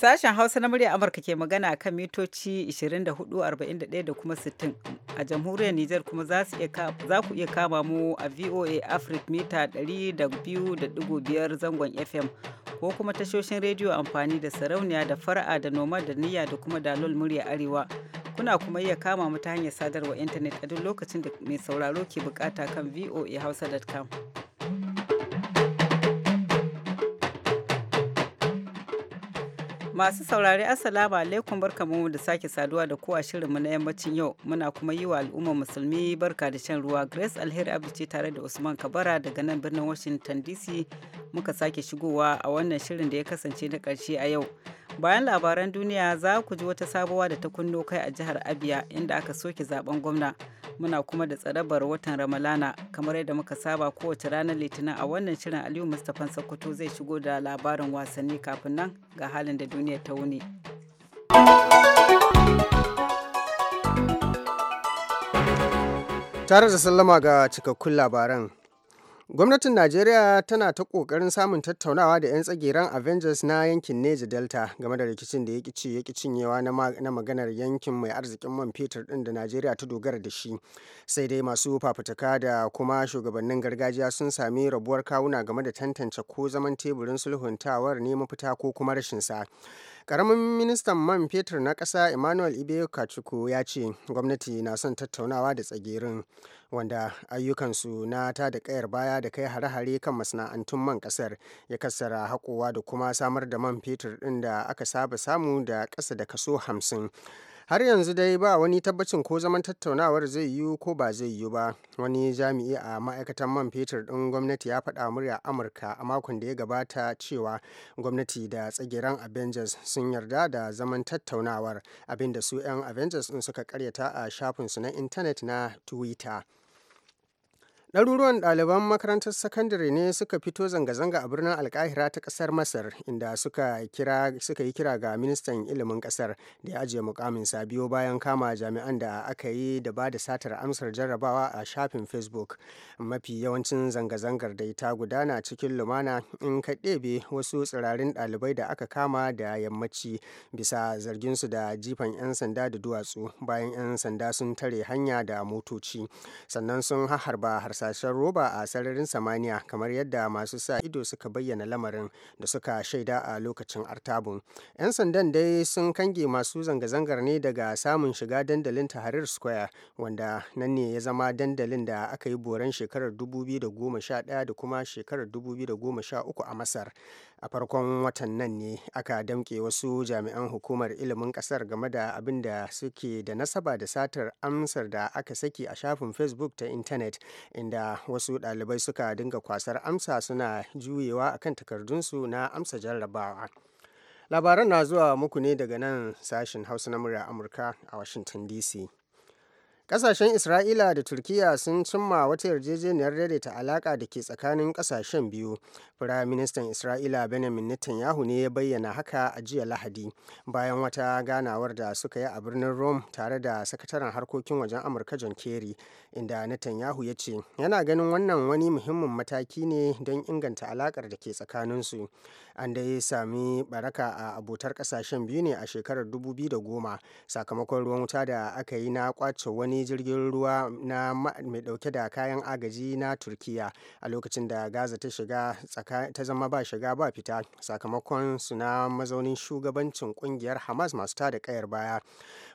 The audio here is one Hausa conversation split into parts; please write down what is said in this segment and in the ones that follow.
Sashen Hausa na murya Amurka ke magana kan mitoci 24,41 da kuma 60 a jamhuriyar Nijar kuma za ku iya kama mu a VOA Africa mita 200.5 zangon FM ko kuma tashoshin rediyo amfani da sarauniya da fara'a da noma da niyya da kuma dalol murya arewa. Kuna kuma iya kama mu ta hanyar sadarwa intanet a duk lokacin da mai sauraro ke bukata kan VOA voahausa.com. Masu saurari Assalamu alaikum mu da sake saduwa da ku a shirinmu na yammacin yau muna kuma yi wa al'ummar musulmi barka da shan ruwa Grace Alheri Abdu ce tare da Usman Kabara daga nan birnin Washington DC muka sake shigowa a wannan shirin da ya kasance na ƙarshe a yau. Bayan labaran duniya za ku ji wata sabuwa da ta kunno kai a jihar Abia inda aka soke zaben gwamna. Muna kuma da tsarabar watan Ramalana kamar yadda muka saba kowace ranar Litinin a wannan shirin Aliyu Mustapha Sokoto zai shigo da labarin wasanni kafin nan ga halin da duniya ta wuni. Tare da sallama ga cikakkun labaran. Gwamnatin Najeriya tana ta kokarin samun tattaunawa da 'yan tsageren Avengers na yankin Neja Delta game da rikicin da ya ci ya cinyewa na maganar yankin mai arzikin man fetur din da Najeriya ta dogara da shi. Sai dai masu fafutuka da kuma shugabannin gargajiya sun sami rabuwar kawuna game da tantance ko zaman teburin sulhuntawar ne mafita ko kuma rashin sa. Karamin ministan man fetur na ƙasa Emmanuel Ibe kachuku ya ce gwamnati na son tattaunawa da tsagirin wanda ayyukansu na ta da kayar baya da kai hare-hare kan masana'antun man ƙasar ya kassara haƙowa da kuma samar da man fetur ɗin da aka saba samu da ƙasa da kaso hamsin. har yanzu dai ba wani tabbacin ko zaman tattaunawar zai yiwu ko ba zai yiwu ba wani jami'i a ma'aikatan man fetur ɗin gwamnati ya faɗa murya amurka a makon da ya gabata cewa gwamnati da tsagiran avengers sun yarda da zaman tattaunawar abinda su 'yan avengers ɗin suka karyata a shafinsu na intanet na twitter Ɗaruruwan ɗaliban makarantar sakandare ne suka fito zanga-zanga a birnin Alkahira ta ƙasar Masar inda suka yi kira ga ministan ilimin ƙasar da ya ajiye mukamin biyo bayan kama jami'an da aka yi da ba da satar amsar jarrabawa a shafin Facebook. Mafi yawancin zanga-zangar da ta gudana cikin lumana in ka ɗebe wasu tsirarin ɗalibai da aka kama da yammaci bisa zarginsu da jifan 'yan sanda da duwatsu bayan 'yan sanda sun tare hanya da motoci sannan sun harba har hasashen roba a sararin samaniya kamar yadda masu sa ido suka bayyana lamarin da suka shaida a lokacin artabun 'yan sandan dai sun kange masu zanga-zangar ne daga samun shiga dandalin taharir square wanda nan ne ya zama dandalin da aka yi boran shekarar 2011 da kuma shekarar 2013 a masar a farkon watan nan ne aka damƙe wasu jami'an hukumar ilimin ƙasar game da abin da suke da nasaba da satar amsar da aka saki a shafin facebook ta intanet inda wasu ɗalibai suka dinga kwasar amsa suna juyewa akan takardunsu na amsa jarrabawa labaran na zuwa muku ne daga nan sashen hausa na murya amurka a washington dc Kasashen Isra'ila da Turkiyya sun cimma wata yarjejeniyar daidaita alaka da ke tsakanin kasashen biyu. Firaministan Isra'ila Benjamin Netanyahu ne ya bayyana haka a jiya Lahadi bayan wata ganawar da suka yi a birnin Rome tare da sakataren harkokin wajen Amurka John Kerry inda Netanyahu ya ce yana ganin wannan wani muhimmin mataki ne don inganta alakar da ke tsakaninsu. An dai sami baraka a abotar kasashen biyu ne a shekarar 2010 sakamakon ruwan wuta da aka yi na kwace wani wani jirgin ruwa na mai dauke da kayan agaji na turkiya a lokacin da gaza ta shiga ta zama ba shiga ba fita sakamakon su na mazaunin shugabancin kungiyar hamas masu tada kayar baya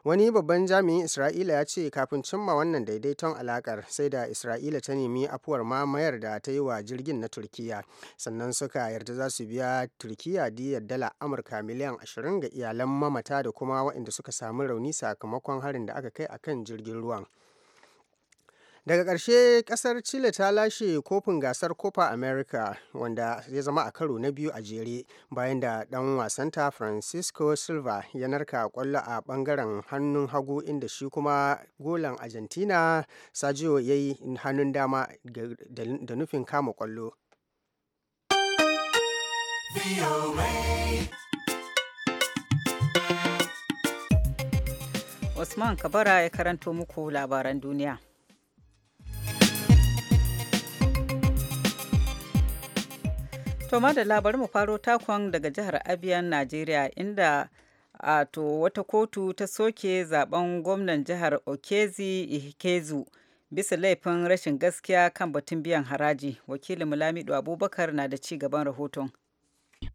wani babban jami'in isra'ila ya ce kafin cimma wannan daidaiton alakar sai da isra'ila ta nemi afuwar mamayar da ta yi wa jirgin na turkiya sannan suka yarda za su biya turkiya diyar dala amurka miliyan 20 ga iyalan mamata da kuma waɗanda suka samu rauni sakamakon harin da aka kai akan jirgin ruwan daga ƙarshe ƙasar chile ta lashe kofin gasar copa america wanda ya zama a karo na biyu a jere bayan da ɗan wasanta francisco silva ya narka kwallo a ɓangaren hannun hagu inda shi kuma golan argentina sajiyo ya yi hannun dama da nufin kama kwallo Usman Kabara ya karanto muku labaran duniya. To da bari mu faro takon daga jihar Abiyan, Najeriya inda a to wata kotu ta soke zaben gwamnan jihar Okezi Ihikezu bisa laifin rashin gaskiya kan batun biyan haraji. Wakilin mulamidu Abubakar na da ci gaban rahoton.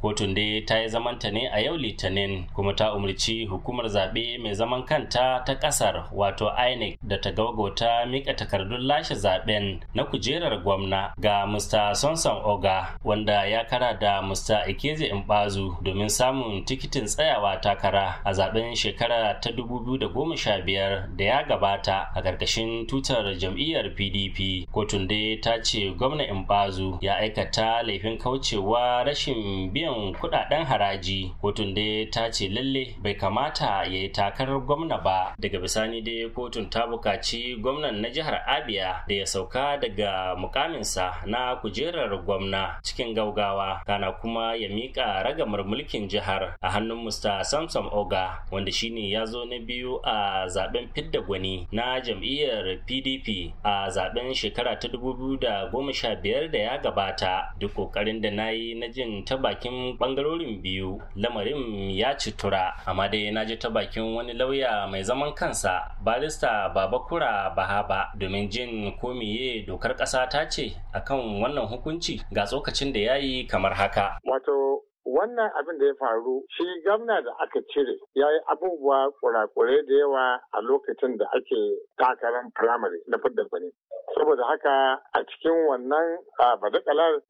kotun dai ta yi zamanta ne a yau litinin kuma ta umarci hukumar zaɓe mai zaman kanta ta ƙasar wato inec da ta gaugauta mika takardun lashe zaɓen na kujerar gwamna ga mr sonson oga wanda ya kara da mr ikeze Mbazu domin samun tikitin tsayawa takara a zaɓen shekara ta 2015 da ya gabata a ƙarƙashin tutar jam'iyyar pdp kotun dai ta ce gwamna Mbazu ya aikata laifin kaucewa rashin biyan kudaden haraji kotun dai ta ce lalle bai kamata ya yi takarar gwamna ba daga bisani dai kotun ta bukaci gwamnan na jihar abia da ya sauka daga mukaminsa na kujerar gwamna cikin gaugawa kana kuma ya miƙa ragamar mulkin jihar a hannun musta samson oga wanda shine ya zo na biyu a zaben fidda gwani na jam'iyyar pdp a zaben shekara ta 2015 da ya gabata duk ƙoƙarin da na yi na jin ta bakin bakin bangarorin biyu lamarin ya citura amma dai na ji ta bakin wani lauya mai zaman kansa barista babakura bahaba domin jin ko meye dokar ƙasa ta ce akan wannan hukunci ga tsokacin da ya yi kamar haka wato wannan abin da ya faru shi gamna da aka cire ya yi abubuwa kurakure da yawa a lokacin da ake takarar firamare na fidda bane saboda haka a cikin wannan a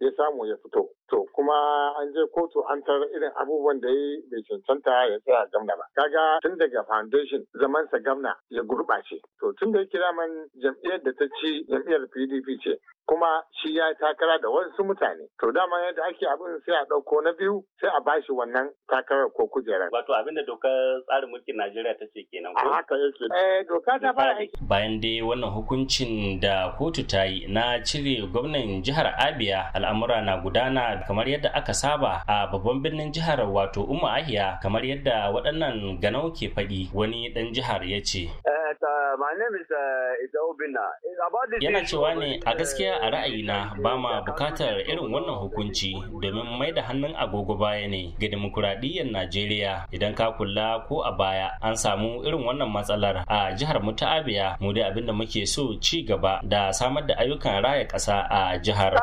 ya samu ya fito to kuma an je kotu an tar irin abubuwan da yi bai cancanta ya tsaya gamna ba kaga tun daga foundation zaman sa gamna ya gurɓace to tun da kira man jam'iyyar da ta ci jam'iyyar PDP ce kuma shi ya takara da wasu mutane to dama yadda ake abin sai a ɗauko na biyu sai a bashi wannan takarar ko kujerar wato abin da dokar tsarin mulkin Najeriya ta ce kenan ko haka yake eh doka ta fara aiki bayan dai wannan hukuncin da kotu ta yi na cire gwamnan jihar Abia al'amura na gudana kamar yadda aka saba a babban birnin jihar wato umma ahiya kamar yadda waɗannan ganau ke faɗi wani ɗan jihar ya ce eh, eh, eh, yana cewa ne a gaskiya a ra'ayina ba ma bukatar irin wannan hukunci domin mai da hannun agogo baya ne ga demokuraɗiyyar najeriya idan ka kula ko a baya an samu irin wannan matsalar a jihar mu ta abia mu dai abinda muke so ci gaba da samar da ayyukan raya ƙasa a jihar.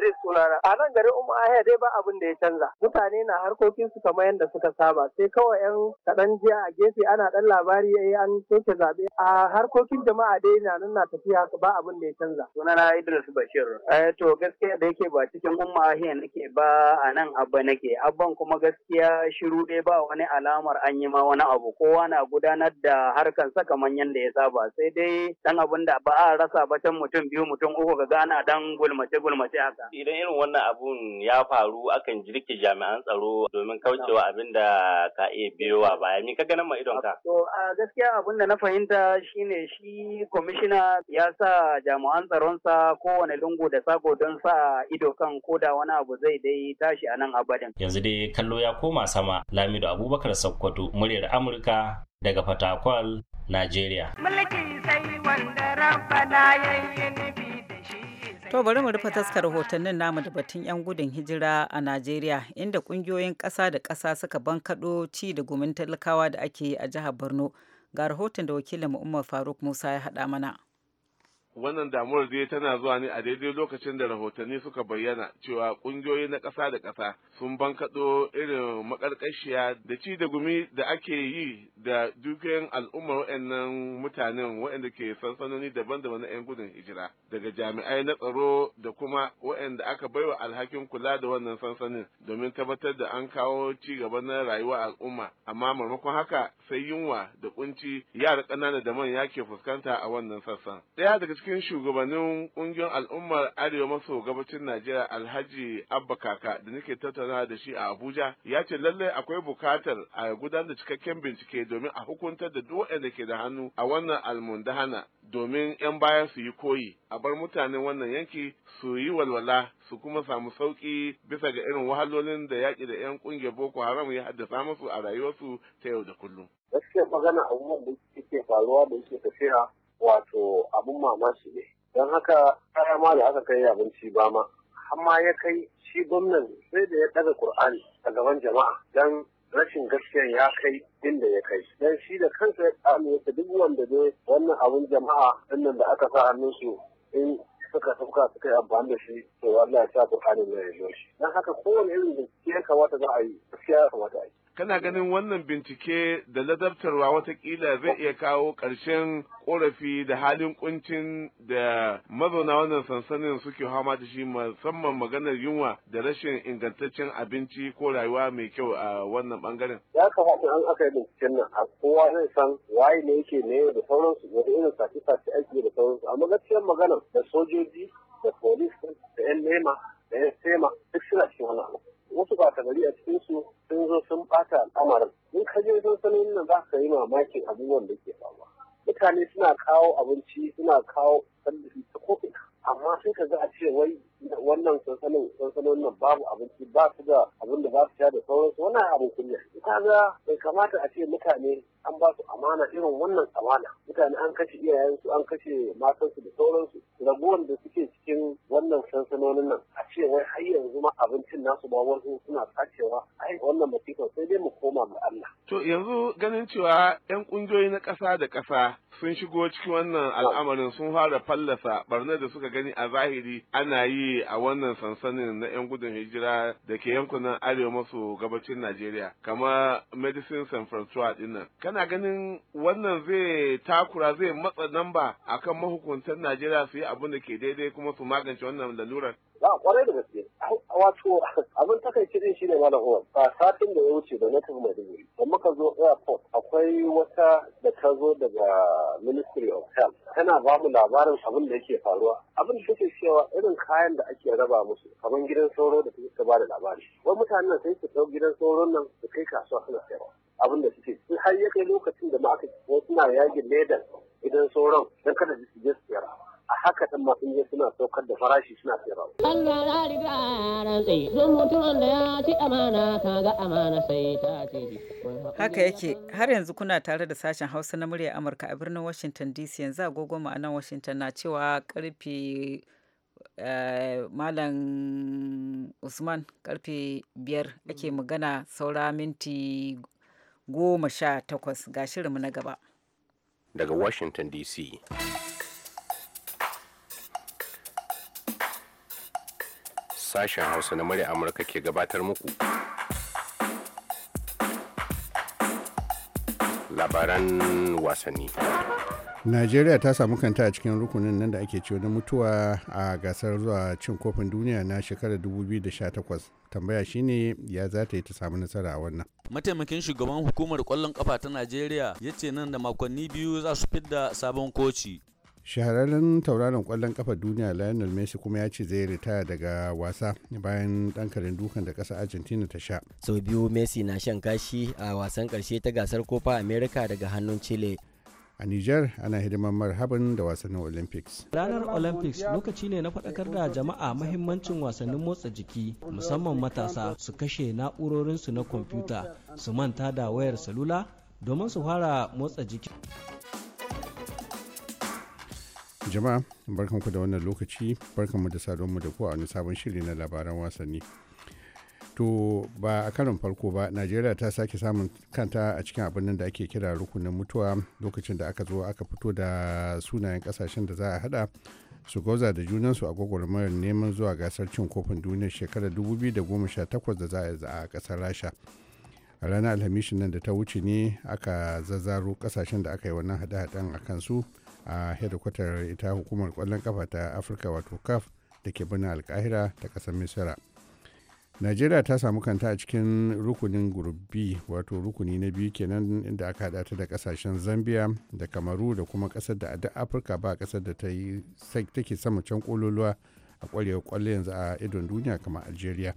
Idris sunana. A nan garin Umma Ahiya dai ba abin da ya canza. Mutane na harkokin su kamar yadda suka saba. Sai kawai yan kaɗan jiya a gefe ana ɗan labari ya eh, yi an soke zaɓe. A harkokin jama'a dai na nan na tafiya ba abin da ya canza. Sunana Idris Bashir. Eh to gaskiya da yake ba cikin Umma Ahiya nake ba a nan abba nake. Abban kuma gaskiya shiru dai ba wani alamar an yi ma wani abu. Kowa na gudanar da harkansa kamar yadda ya saba. Sai dai dan abin da ba a rasa ba can mutum biyu mutum uku ga gana dan gulmace gulmace haka. idan irin wannan abun ya faru akan jirki jami'an tsaro domin kaucewa abin da ka iya biyowa baya ni ka ganin ma idon ka. To a gaskiya abin da na fahimta shine shi kwamishina ya sa jami'an sa kowane lungu da sako don sa ido kan koda wani abu zai dai tashi a nan abadin. Yanzu dai kallo ya koma sama Lamido Abubakar Sokoto muryar Amurka daga Fatakwal, Najeriya. Mulki sai wanda rabba na yayi To bari mu rufe taskar rahotannin namu da batun 'yan gudun hijira a Najeriya inda kungiyoyin ƙasa da ƙasa suka bankaɗo ci da gumin talakawa da ake yi a jihar Borno. Ga rahoton da wakilin Umar Faruk Musa ya haɗa mana. wannan damuwar dai tana zuwa ne a daidai lokacin da rahotanni suka bayyana cewa kungiyoyi na ƙasa da ƙasa sun bankaɗo irin maƙarƙashiya da ci da gumi da ake yi da dukiyar al'ummar wa'annan mutanen wa'anda ke sansanoni daban-daban na 'yan gudun hijira daga jami'ai na tsaro da kuma wa'anda aka baiwa alhakin kula da wannan sansanin domin tabbatar da an kawo ci gaba na rayuwa al'umma amma maimakon haka sai yunwa da kunci yara ƙanana da manya ke fuskanta a wannan sassan ɗaya daga cikin cikin shugabannin ƙungiyar al'ummar arewa maso gabacin najeriya alhaji abba kaka da nake tattauna da shi a abuja ya ce lallai akwai bukatar a gudanar da cikakken bincike domin a hukuntar da duk waɗanda ke da hannu a wannan almundahana domin 'yan baya su yi koyi a bar mutanen wannan yanki su yi walwala su kuma samu sauƙi bisa ga irin wahalolin da yaƙi da 'yan ƙungiyar boko haram ya haddasa musu a rayuwarsu ta yau da kullum. Gaskiya magana abubuwan da ke faruwa da yake tafiya wato abun mamaki ne don haka kaya ma da aka kai abinci ba ma amma ya kai shi gwamnan sai da ya ɗaga Kur'ani a gaban jama'a don rashin gaskiyan ya kai inda ya kai don shi da kansa ya ta duk wanda dai wannan abun jama'a dinnan da aka sa su in suka tafka suka yi amfani da shi to wallahi ya sa na ya shi Don haka kowane irin gaskiya ya kamata za a yi gaskiya ya kamata a yi kana ganin wannan bincike da ladabtarwa watakila zai iya kawo ƙarshen ƙorafi da halin kuncin da mazauna wannan sansanin suke hama da shi musamman maganar yunwa da rashin ingantaccen abinci ko rayuwa mai kyau a wannan bangaren. Ya kamata an aka yi binciken nan a kowa zai san waye ne yake ne da sauransu da irin sace-sace aiki da sauransu amma gaskiyar magana da sojoji da polis da 'yan nema da 'yan sema duk suna cikin wannan abu. wasu ba ta gari a cikin su sun zo sun bata al'amarin in ka je sanin nan za ka yi mamakin abubuwan da ke faruwa mutane suna kawo abinci suna kawo tallafi ta ko'ina amma sun ka a ce wai wannan sansanin sansanin nan babu abinci ba su da abin da za su sha da sauransu wannan abin kunya kaga bai kamata a ce mutane an ba su amana irin wannan amana mutane an kashe iyayensu an kashe matansu da sauransu raguwan da suke cikin wannan sansanonin nan a ce wai har yanzu ma abincin nasu ba wasu suna sacewa ai wannan matikan sai dai mu koma ga Allah to yanzu ganin cewa yan kungiyoyi na kasa da kasa sun shigo cikin wannan al'amarin sun fara fallasa barnar da suka gani a zahiri ana yi yi a wannan sansanin na 'yan gudun hijira da ke yankunan arewa maso gabacin Najeriya kama Medicine San Francois dinnan. Kana ganin wannan zai takura zai matsa namba akan mahukuntan Najeriya su yi abin da ke daidai kuma su magance wannan lalurar? na kwarai da gaske wato abin takaici din shine malam Umar ba satin da ya wuce da na tafi Maiduguri da muka zo airport akwai wata da ta zo daga Ministry of Health tana ba mu labarin abin da yake faruwa abin da take cewa irin kayan da ake raba musu kamar gidan sauro da take ba da labari wai mutanen sai su ɗau gidan sauron nan su kai kasuwa suna sayarwa abin da suke har ya kai lokacin da ma aka suna yagin ledan gidan sauron don kada su je su sayarwa a haka ɗin masu yi suna saukar da farashi suna sayarwa. Allah na riga rantse don mutum da ya ci amana ka ga amana sai ta ce. Haka yake har yanzu kuna tare da sashen Hausa na murya Amurka a birnin Washington DC yanzu agogo ma'anan Washington na cewa karfe eh, Malam Usman karfe biyar ake magana saura minti goma sha takwas ga shirinmu na gaba. Daga Washington DC. sashen hausa na murya amurka ke gabatar muku labaran wasanni najeriya ta samu kanta a cikin rukunin nan da ake ciwo na mutuwa a gasar zuwa cin kofin duniya na shekarar 2018 tambaya shine ya za ta yi ta samu nasara a wannan mataimakin shugaban hukumar kwallon kafa ta najeriya ya ce nan da makonni biyu za su fidda sabon koci shahararren tauraron kwallon kafa duniya lionel messi kuma ya ce zai ritaya daga wasa bayan dankarin dukan da kasa argentina ta sha sau biyu messi na shan kashi a wasan karshe ta gasar kofa america daga hannun chile a niger ana hidimar marhaban da wasannin Olympics. Ranar Olympics lokaci ne na faɗakar da jama'a mahimmancin wasannin motsa jiki musamman matasa su kashe na'urorinsu na kwamfuta su manta da wayar salula domin su fara motsa jiki. Jama'a barkanku da wannan lokaci barkanmu da saduwanmu da ku a wani sabon shiri na labaran wasanni. To ba a karin farko ba Najeriya ta sake samun kanta a cikin abin da ake kira rukunin mutuwa lokacin da aka zo aka fito da sunayen kasashen da za a hada su gauza da junansu a gwagwarmayar neman zuwa gasar cin kofin duniyar shekarar 2018 da za a kasar rasha a ranar alhamishin nan da ta wuce ne aka zazzaro kasashen da aka yi wannan hada-hadan a kansu a hedikwatar ita hukumar kwallon kafa ta afirka wato caf da ke birnin alkahira ta kasar misira najeriya ta samu kanta a cikin rukunin gurbi wato rukuni na biyu kenan inda aka hada ta da kasashen zambia da kamaru da kuma kasar da a duk afirka ba kasar da ta take sama can kololuwa a kwarewa kwallo yanzu a idon duniya kamar algeria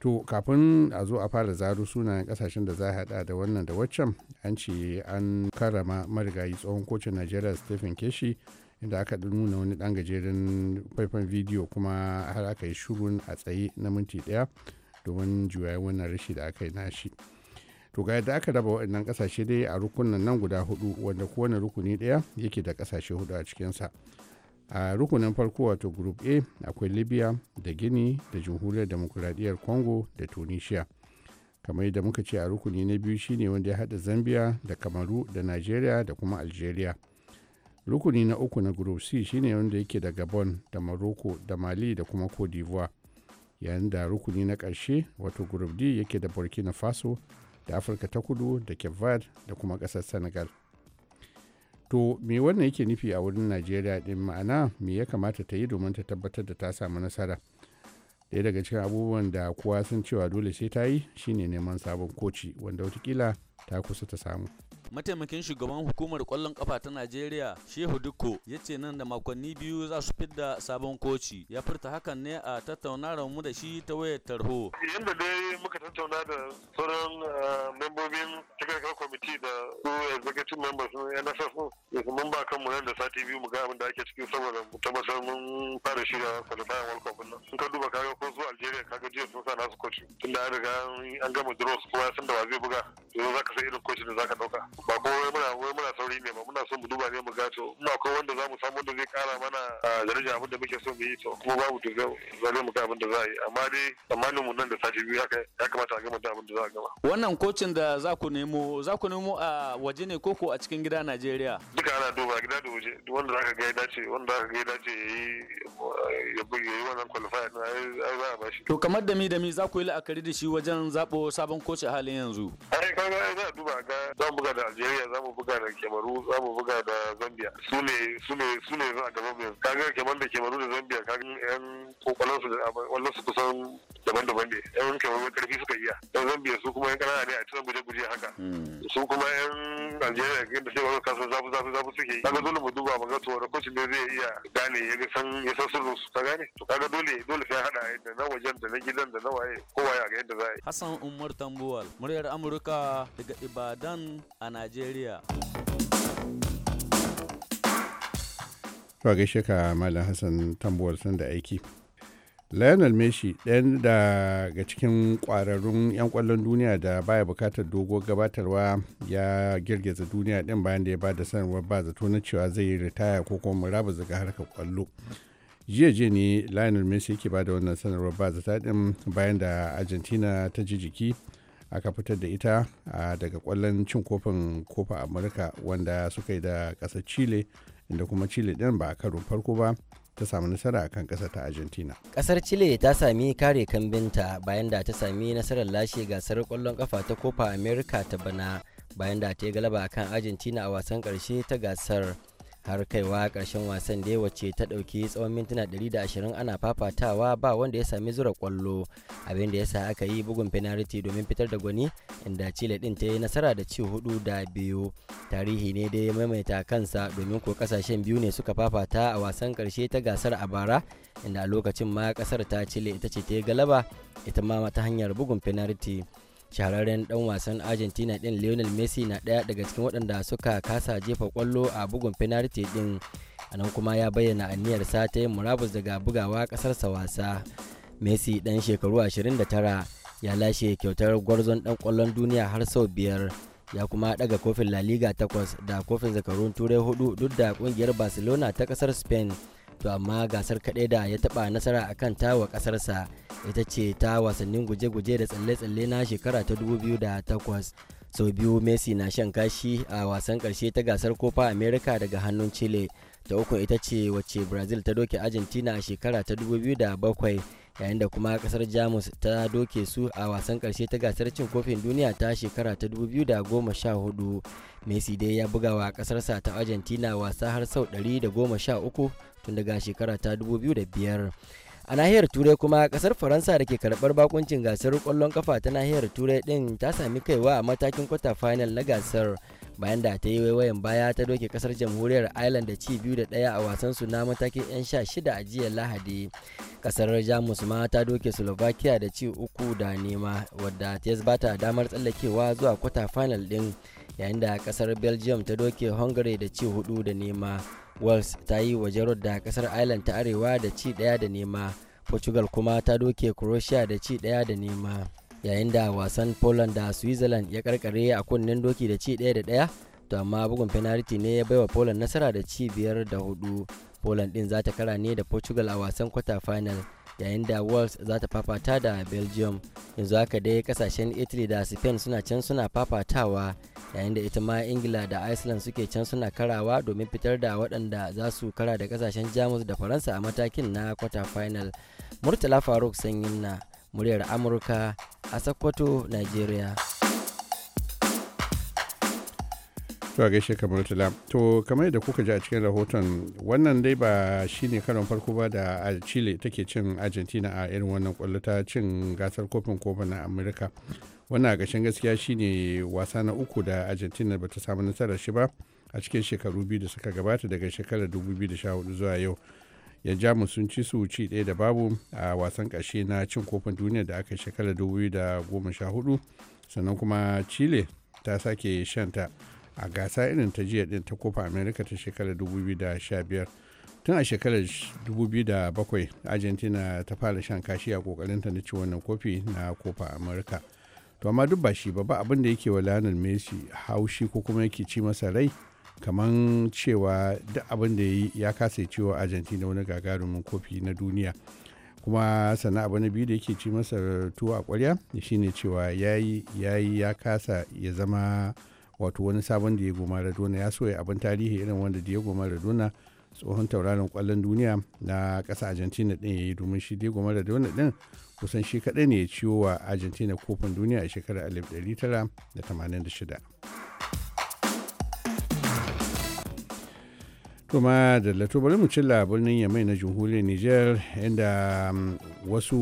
to kafin a zo a fara zaro sunayen kasashen da za a hada da wannan da waccan an ce an karama marigayi tsohon kocin najeriya stephen keshi inda aka nuna wani dan gajeren faifan bidiyo kuma har aka yi shugun a tsaye na minti daya domin juya wannan rashi da aka yi nashi to ga yadda aka raba waɗannan kasashe dai a rukunan nan guda hudu wanda kowane rukuni daya yake da kasashe hudu a cikinsa a rukunin farko wato group a akwai libya da gini da jamhuriyar demokuraɗiyyar congo da tunisia kamar yadda muka ce a rukuni na biyu shine wanda ya haɗa zambia da kamaru da nigeria da kuma algeria rukuni na uku na group c shine wanda yake da gabon da morocco da mali da kuma cote d'ivoire yayin da rukuni na ƙarshe wato group d yake da burkina faso da afirka ta kudu da cape da kuma ƙasar senegal to me wannan yake nufi a wurin najeriya din ma'ana me ya kamata ta yi domin ta tabbatar da ta samu nasara daya daga cikin abubuwan da kowa sun cewa dole sai ta yi shine neman sabon koci wanda watakila ta kusa ta samu mataimakin shugaban hukumar kwallon kafa ta najeriya shehu dukko ya ce nan da makonni biyu za su fidda sabon koci ya furta hakan ne a tattaunawar mu da shi ta wayar tarho yadda dai muka tattauna da sauran eh, membobin cikakar kwamiti da su executive members na nff su eh, mun ba mu nan da sati biyu mu ga abin da ake ciki saboda mu tabbatar mun fara shirya qualifying world cup nan sun ka duba kaga ko su algeria kaga jiya sun sa nasu koci tunda an riga an gama su kuma sun da wa zai buga yanzu zaka sai irin kocin da zaka dauka ba ko wai muna wai muna sauri ne ba muna so mu duba ne mu ga gato in akwai wanda za mu samu wanda zai kara mana daraja abin da muke so mu yi to kuma babu to zai mu kai abin da za a yi amma dai tsammanin mu nan da sati biyu haka ya kamata a gama da abin da za a gama. Wannan kocin da za ku nemo za ku nemo a waje ne koko a cikin gida Najeriya? Duka ana duba gida da waje wanda za ka ga ya dace wanda za ka ga ya dace ya yi ya yi wannan qualifier na ai za a bashi. To kamar da mi da mi za ku yi la'akari da shi wajen zabo sabon koci a halin yanzu. Ai kaga za a duba ga za buga da Najeriya za mu buga da Kemaru za mu buga da Zambia su ne su ne za a gaba mai kaga Kemar da Kemaru da Zambia kaga yan kokarin su wannan su kusan daban-daban ne yan Kemaru mai karfi suka iya yan Zambia su kuma yan kanana ne a cikin guje-guje haka hmm. su kuma yan Najeriya ga da cewa kasan zafi zafi zafi suke yi kaga dole mu duba mu ga to wani ne zai iya gane ya san ya san sirrin su ka gane to kaga dole dole sai hada da na wajen da na gidan da na waye kowa ya ga yadda za a yi Hassan Umar Tambuwal muryar Amurka daga Ibadan a Najeriya. To gaishe Malam Hassan tambuwar sun da aiki. Lionel Messi ɗaya daga cikin ƙwararrun 'yan ƙwallon duniya da baya bukatar dogo gabatarwa ya girgiza duniya ɗin bayan da ya ba da sanarwar ba zato na cewa zai yi ritaya ko kuma muraba zaga harkar ƙwallo. Jiya jiya ne Lionel Messi yake bada wannan sanarwar ba zata ɗin bayan da Argentina ta ji jiki aka fitar da ita daga kwallon cin kofin kofa amurka wanda suka yi da ƙasar chile inda kuma chile din ba a karon farko ba ta samu nasara akan ƙasa ta argentina ƙasar chile ta sami kare kambinta bayan da ta sami nasarar lashe gasar kwallon kafa ta kofa amurka ta bana bayan da ta yi galaba akan argentina a wasan karshe ta gasar har kaiwa karshen wasan da wacce ta dauki tsawon mintuna 120 ana fafatawa ba wanda ya sami zura kwallo abin da ya sa aka yi bugun penalty domin fitar da gwani inda chile din ta yi nasara da ci hudu da biyu tarihi ne dai ya maimaita kansa domin ko kasashen biyu ne suka fafata a wasan karshe ta gasar a bara inda a lokacin ma kasar ta chile ita ce ta yi galaba ita ma ta hanyar bugun penalty shahararren dan wasan argentina din lionel messi na daya daga cikin waɗanda suka kasa jefa kwallo a bugun penalty din a nan kuma ya bayyana sa ta yin murabus daga bugawa ƙasarsa wasa messi dan shekaru 29 ya lashe kyautar gwarzon dan kwallon duniya har sau biyar ya kuma daga kofin la liga takwas da kofin zakarun turai hudu duk da kungiyar barcelona ta kasar spain to amma gasar kaɗai da ya taɓa nasara a kan tawa ƙasarsa ita ce ta wasannin guje-guje da tsalle-tsalle na shekara ta 2008 sau biyu messi na shan kashi a wasan ƙarshe ta gasar kofa america daga hannun chile ta uku ita ce wacce brazil ta doke argentina a shekara ta 2007 yayin da kuma kasar jamus ta doke su a wasan karshe ta gasar cin kofin duniya ta shekara ta 2014 messi dai ya buga wa kasarsa ta argentina wasa har sau 113 tun daga shekara ta 2005 a nahiyar turai kuma kasar faransa da ke karbar bakuncin gasar kwallon kafa ta nahiyar turai din ta sami kaiwa a matakin kwata final na gasar bayan da ta yi waiwayen baya ta doke kasar jamhuriyar ireland da ci biyu da ɗaya a wasan su na matakin 'yan sha shida a jiya lahadi kasar jamus ma ta doke slovakia da ci uku da nema wadda ta ba ta damar tsallakewa zuwa kwata final din yayin da kasar belgium ta doke hungary da ci hudu da nema wales ta yi waje da kasar ireland ta arewa da ci daya da nema portugal kuma ta doke croatia da ci daya da nema yayin da wasan poland da switzerland ya karkare a kunnen doki da ci daya da ɗaya to amma bugun penalty ne ya baiwa poland nasara da ci biyar da hudu poland din za ta kara ne da portugal a wasan quarter final yayin da wales za ta fafata da belgium yanzu haka dai kasashen italy da spain suna can suna fafatawa yayin da ita ma ingila da iceland suke can suna karawa domin fitar da waɗanda za su kara da kasashen jamus da faransa a matakin na quarter final murtala faruk sanyin na muryar amurka a sokoto nigeria to a gaishe kamar tula to kamar da kuka ji a cikin rahoton wannan dai ba shine karon farko ba da a chile take cin argentina a irin wannan kwallo ta cin gasar kofin kofin na amurka wannan a gashin gaskiya shine wasa na uku da argentina ba ta samu nasarar shi ba a cikin shekaru biyu da suka gabata daga shekarar 2014 zuwa yau ya ja sun ci su ci ɗaya da babu a wasan ƙarshe na cin kofin duniya da aka shekara hudu sannan kuma chile ta sake shanta a gasa irin ta jiya ɗin ta kofa america ta shekara 2015 tun a shekarar 2007 argentina ta fara shan kashi a ta na ci wannan kofi na kofa america to amma duk ba shi ba ba abin da yake wa lanar messi haushi ko kuma yake ci masa rai kamar cewa duk abin da ya kasa cewa argentina wani gagarumin kofi na duniya kuma sana abu na biyu da yake ci masa tuwo a kwarya shine cewa ya yi ya kasa ya zama wato wani sabon diego maradona ya soya abin tarihi irin wanda diego maradona tsohon tauraron kwallon duniya na kasa argentina din ya yi domin shi diego maradona din kusan shi kaɗai ne ya ciwo wa argentina kofin duniya a shekarar 1986 kuma da lato bari mu cilla birnin yamai na jamhuriyar niger inda um, wasu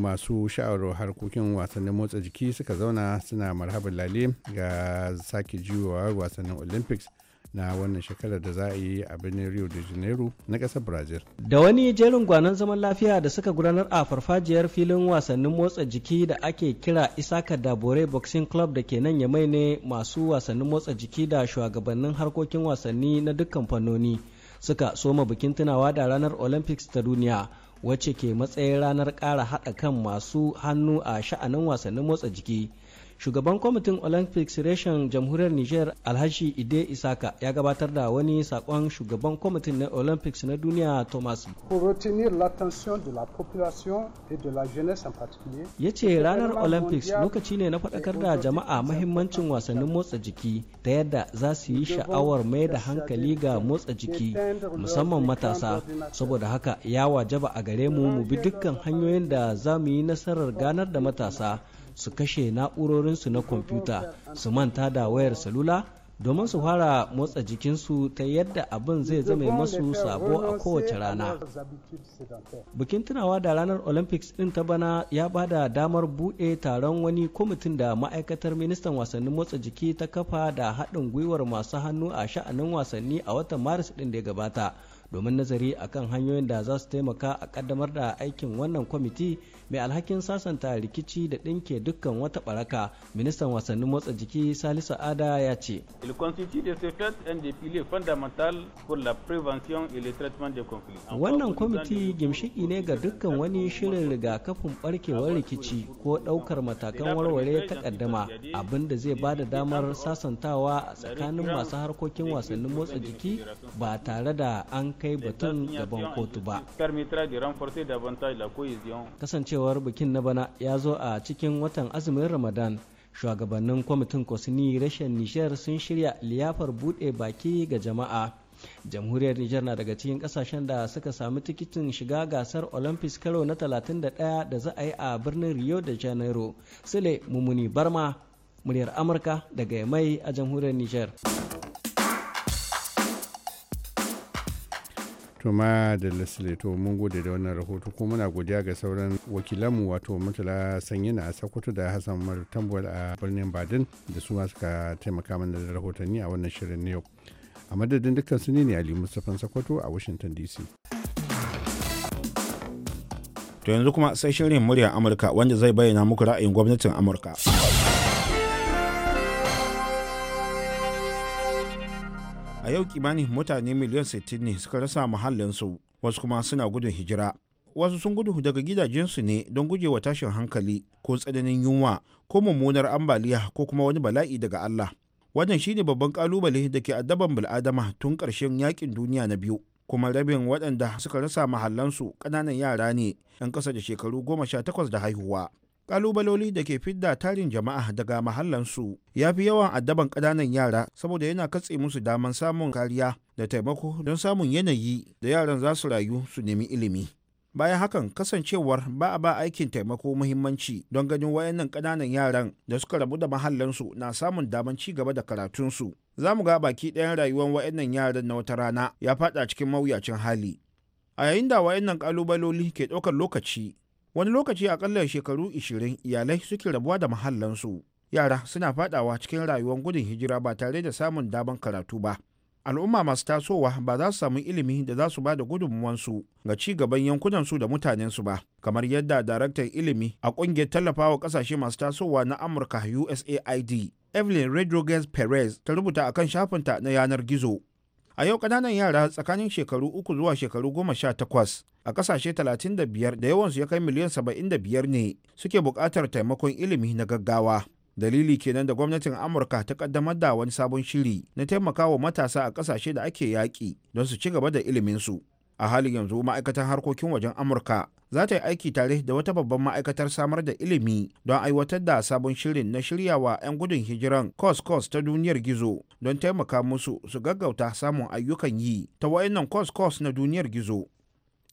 masu sha'awar harkokin wasannin motsa jiki suka zauna suna marhaban lale ga sake jiwa wasannin olympics na wannan shekarar da za a yi a birnin rio de janeiro na ƙasar brazil da wani jerin gwanon zaman lafiya da suka gudanar a farfajiyar filin wasannin motsa jiki da ake kira isaka dabore boxing club da ke nan yamai ne masu wasannin motsa jiki da shugabannin harkokin wasanni na dukkan fannoni suka soma bikin tunawa da ranar olympics ta duniya wacce ke matsayin ranar kara haɗa kan masu hannu a sha'anin wasannin motsa jiki shugaban kwamitin olympics reshen jamhuriyar niger alhaji ide isaka ya gabatar da wani sakon shugaban kwamitin na olympics na duniya thomas ya ce ranar olympics lokaci ne na faɗakar da jama'a mahimmancin wasannin motsa jiki ta yadda za su yi sha'awar mai da hankali ga motsa jiki musamman matasa saboda haka ya wajaba a gare mu mu bi dukkan hanyoyin da za mu yi nasarar ganar da matasa su kashe na'urorinsu na kwamfuta su manta da wayar salula domin su fara motsa jikinsu ta yadda abin zai zama masu sabo a kowace rana bikin tunawa da ranar olympics din ta bana ya ba da damar buɗe taron wani kwamitin da ma'aikatar ministan wasannin motsa jiki ta kafa da haɗin gwiwar masu hannu a sha'anin wasanni a watan maris din da ya gabata domin nazari akan hanyoyin da za su taimaka a kaddamar da aikin wannan kwamiti mai alhakin sasanta rikici da ɗinke dukkan wata baraka ministan wasannin motsa jiki salisu ada ya ce wannan kwamiti gimshiki ne ga dukkan wani shirin rigakafin barkewar rikici ko ɗaukar matakan warware takaddama abin da zai ba da damar sasantawa a tsakanin masu harkokin wasannin motsa jiki ba tare da an kai batun gaban kotu ba kasancewar bikin na bana ya zo a cikin watan azumin ramadan shugabannin kwamitin kosini rashin nijar sun shirya liyafar buɗe baki ga jama'a jamhuriyar nijar na daga cikin kasashen da suka sami tikitin shiga gasar olympics karo na 31 da za a yi a birnin rio de janeiro sule mumuni barma muryar amurka daga mai a jamhuriyar nijar tuma da leslie to mun gode da wannan rahoto ko muna godiya ga sauran wakilanmu wato mutala sanyina a sakwato da hassan umar tambuwal a birnin badin da su ma suka taimaka mana da rahotanni a wannan shirin na yau a madadin dukkan su ne ali mustapha sakwato a washington dc to yanzu kuma sai shirin muryar amurka wanda zai bayyana muku ra'ayin gwamnatin amurka yau kimanin mutane miliyan 60 ne suka rasa muhallinsu wasu kuma suna gudun hijira wasu sun gudu daga gidajensu ne don gujewa tashin hankali ko tsananin yunwa ko mummunar ambaliya ko kuma wani bala'i daga Allah wannan shine babban kalubale da ke addaban bil'adama tun ƙarshen yakin duniya na biyu kuma rabin waɗanda suka rasa mahallansu ƙananan yara ne 'yan ƙasa da shekaru goma sha takwas da haihuwa kalubaloli da ke fidda tarin jama'a daga mahallansu ya fi yawan addaban ƙananan yara saboda yana katse musu daman samun kariya da taimako don samun yanayi da yaran za su rayu su nemi ilimi bayan hakan kasancewar ba a ba aikin taimako muhimmanci don ganin wayannan ƙananan yaran da suka rabu da mahallansu na samun daman ci gaba da karatunsu za mu ga baki ɗayan rayuwar wayannan yaran na wata rana ya faɗa cikin mawuyacin hali a yayin da wayannan ƙalubaloli ke ɗaukar lokaci wani lokaci a akalla shekaru 20 iyalai suke rabuwa da mahallansu yara suna fadawa cikin rayuwar gudun hijira ba tare da samun damar karatu ba al'umma masu tasowa ba za su samu ilimi da za su ba da gudunmuwansu ga ci gaban yankunansu da mutanensu ba kamar yadda daraktan ilimi a ƙungiyar tallafawa ƙasashe masu tasowa na amurka usaid evelyn rodriguez perez ta rubuta akan shafinta na yanar gizo A yau ƙananan yara tsakanin shekaru uku zuwa shekaru goma sha takwas a ƙasashe talatin da biyar da yawansu ya kai miliyan saba'in da biyar ne suke buƙatar taimakon ilimi na gaggawa. Dalili kenan da gwamnatin Amurka ta ƙaddamar da wani sabon shiri na taimakawa matasa a ƙasashe da ake yaƙi don su ci gaba da iliminsu. a halin yanzu ma'aikatan harkokin wajen amurka za ta yi aiki tare da wata babban ma'aikatar samar da ilimi don aiwatar da sabon shirin na shiryawa 'yan gudun hijiran kos cos ta duniyar gizo don taimaka musu su gaggauta samun ayyukan yi ta wayannan kos-kos na duniyar gizo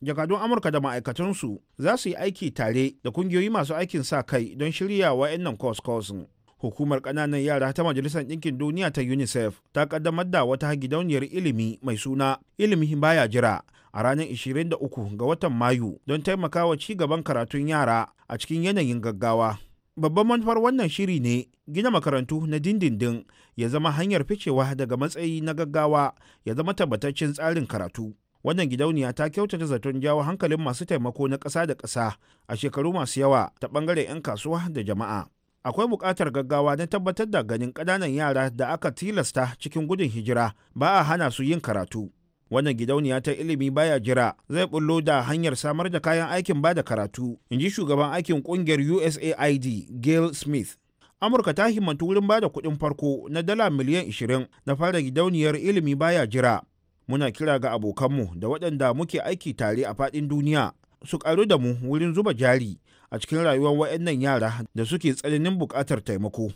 jakadun amurka da ma'aikatansu za su yi aiki tare da kungiyoyi masu aikin sa kai don shirya wayannan kos-kosin hukumar ƙananan yara ta majalisar ɗinkin duniya ta unicef ta ƙaddamar da wata gidauniyar ilimi mai suna ilimi baya jira a ranar ishirin da uku ga watan mayu don taimakawa ci gaban karatun yara a cikin yanayin gaggawa babban manufar wannan shiri ne gina makarantu na dindindin ya zama hanyar ficewa daga matsayi na gaggawa ya zama tabbataccen tsarin karatu wannan gidauniya ta kyautata zaton jawo hankalin masu taimako na ƙasa da ƙasa a shekaru masu yawa ta ɓangaren 'yan kasuwa da jama'a akwai buƙatar gaggawa na tabbatar da ganin ƙananan yara da aka tilasta cikin gudun hijira ba a hana su yin karatu wannan gidauniya ta ilimi baya jira zai bullo da hanyar samar da kayan aikin ba da karatu in ji shugaban aikin kungiyar usaid gail smith amurka ta himmatu wurin ba da kuɗin farko na dala miliyan 20 na fara gidauniyar ilimi baya jira muna kira ga abokanmu da waɗanda muke aiki tare a faɗin duniya su ƙaru da mu wurin zuba jari a cikin rayuwar waɗannan yara da suke tsananin buƙatar taimako.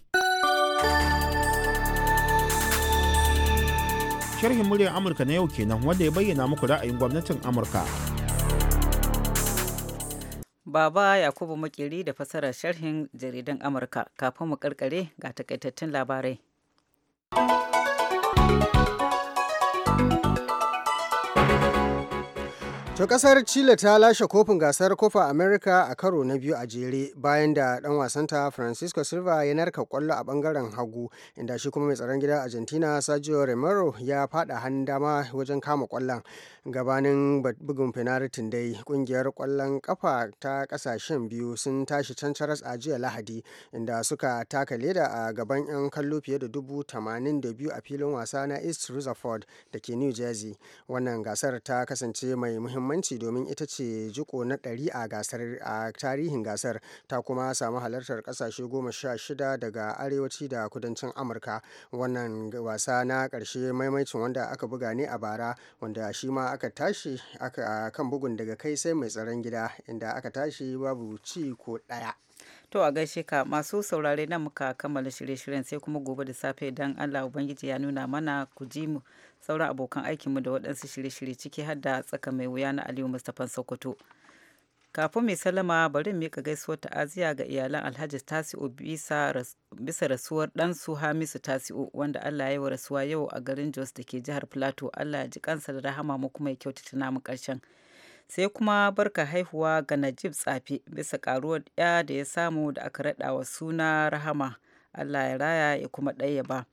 Sharhin muryar Amurka na yau kenan wanda ya bayyana muku ra'ayin gwamnatin Amurka. Baba Yakubu makiri da fasarar sharhin jaridan Amurka kafin mu karkare ga takaitattun labarai. To kasar Chile ta lashe kofin gasar kofa America a karo na biyu a jere bayan da dan wasanta Francisco Silva ya narka kwallo a bangaren hagu inda shi kuma mai tsaron gida Argentina Sergio Romero ya fada hannun dama wajen kama kwallon gabanin bugun fenaritin dai kungiyar kwallon kafa ta kasashen biyu sun tashi can a jiya Lahadi inda suka taka leda a gaban yan kallo fiye da dubu tamanin da biyu a filin wasa na East Rutherford da ke New Jersey wannan gasar ta kasance mai muhimmanci muhimmanci domin ita ce jiko na ɗari a gasar a tarihin gasar ta kuma samu halartar ƙasashe goma sha shida daga arewaci da kudancin amurka wannan wasa na ƙarshe maimaicin wanda aka buga ne a bara wanda shi ma aka tashi aka kan bugun daga kai sai mai tsaron gida inda aka tashi babu ci ko ɗaya To a gaishe ka masu saurare na muka kammala shirye-shiryen sai kuma gobe da safe don Allah Ubangiji ya nuna mana ku ji mu sauran abokan aikinmu da waɗansu shirye-shirye ciki har da tsaka mai wuya na aliyu mustapha sokoto kafin mai salama bari ka gaisuwar ta'aziya ga iyalan alhaji tasi'u bisa rasuwar ɗansu hamisu tasi'u wanda allah ya yi wa rasuwa yau a garin jos da ke jihar plateau allah ya ji kansa da rahama mu kuma ya kyautata namu ƙarshen sai kuma barka haihuwa ga najib tsafi bisa karuwar ya da ya samu da aka raɗa wa suna rahama allah ya raya ya kuma ɗaya ba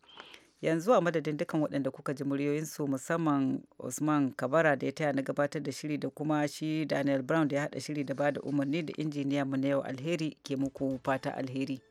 yanzu a madadin dukan waɗanda kuka ji muryoyinsu musamman usman kabara da ya taya na gabatar da shiri da kuma shi daniel brown da ya haɗa shiri da bada umarni da injiniya mu na yau alheri ke muku fata alheri